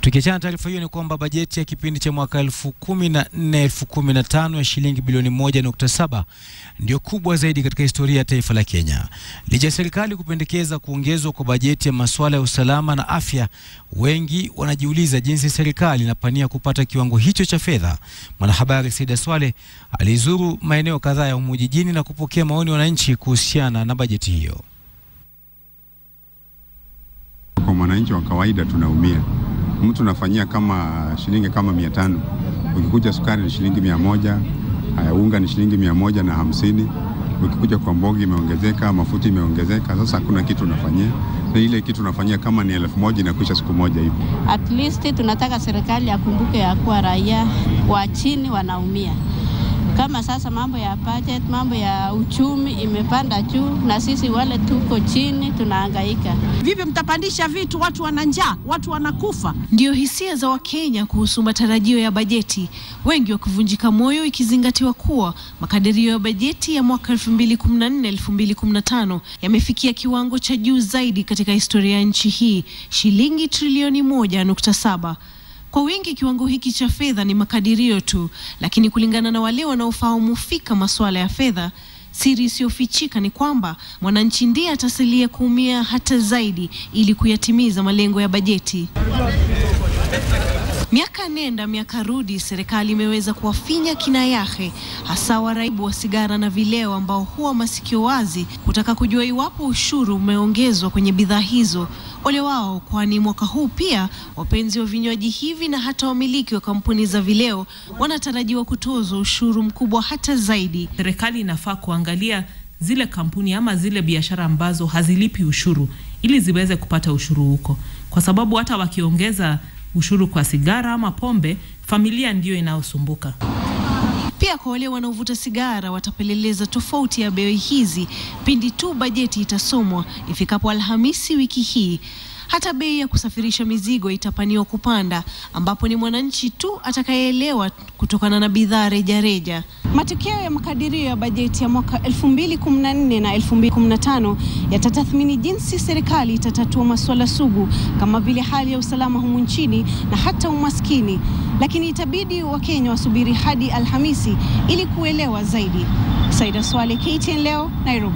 Tukiachana taarifa hiyo, ni kwamba bajeti ya kipindi cha mwaka 2014-2015 ya shilingi bilioni 1.7 ndio kubwa zaidi katika historia ya taifa la Kenya. Licha ya serikali kupendekeza kuongezwa kwa bajeti ya masuala ya usalama na afya, wengi wanajiuliza jinsi serikali inapania kupata kiwango hicho cha fedha. Mwanahabari Saida Swale alizuru maeneo kadhaa ya humu jijini na kupokea maoni ya wananchi kuhusiana na bajeti hiyo. Kwa mwananchi wa kawaida tunaumia mtu unafanyia kama shilingi kama mia tano. Ukikuja sukari ni shilingi mia moja, unga ni shilingi mia moja na hamsini. Ukikuja kwa mboga imeongezeka, mafuta imeongezeka, sasa hakuna kitu unafanyia na ile kitu unafanyia kama ni elfu moja inakwisha siku moja hivi. At least tunataka serikali akumbuke ya kuwa raia wa chini wanaumia. Kama sasa mambo ya budget, mambo ya uchumi imepanda juu na sisi wale tuko chini tunahangaika. Vipi mtapandisha vitu, watu wana njaa, watu wanakufa? Ndiyo hisia za Wakenya kuhusu matarajio ya bajeti, wengi wakivunjika moyo ikizingatiwa kuwa makadirio ya bajeti ya mwaka 2014 2015 yamefikia kiwango cha juu zaidi katika historia ya nchi hii, shilingi trilioni moja nukta saba. Kwa wingi kiwango hiki cha fedha ni makadirio tu, lakini kulingana na wale wanaofahamu fika masuala ya fedha, siri isiyofichika ni kwamba mwananchi ndiye atasilia kuumia hata zaidi ili kuyatimiza malengo ya bajeti. Miaka nenda miaka rudi, serikali imeweza kuwafinya kina Yahe, hasa waraibu wa sigara na vileo ambao huwa masikio wazi kutaka kujua iwapo ushuru umeongezwa kwenye bidhaa hizo ole wao, kwani mwaka huu pia wapenzi wa vinywaji hivi na hata wamiliki wa kampuni za vileo wanatarajiwa kutozwa ushuru mkubwa hata zaidi. Serikali inafaa kuangalia zile kampuni ama zile biashara ambazo hazilipi ushuru ili ziweze kupata ushuru huko, kwa sababu hata wakiongeza ushuru kwa sigara ama pombe, familia ndiyo inayosumbuka. Pia kwa wale wanaovuta sigara watapeleleza tofauti ya bei hizi pindi tu bajeti itasomwa ifikapo Alhamisi wiki hii. Hata bei ya kusafirisha mizigo itapaniwa kupanda, ambapo ni mwananchi tu atakayeelewa kutokana na bidhaa rejareja. Matokeo ya makadirio ya bajeti ya mwaka 2014 na 2015 yatatathmini jinsi serikali itatatua masuala sugu kama vile hali ya usalama humu nchini na hata umaskini, lakini itabidi Wakenya wasubiri hadi Alhamisi ili kuelewa zaidi. Saida Swale, KTN leo, Nairobi.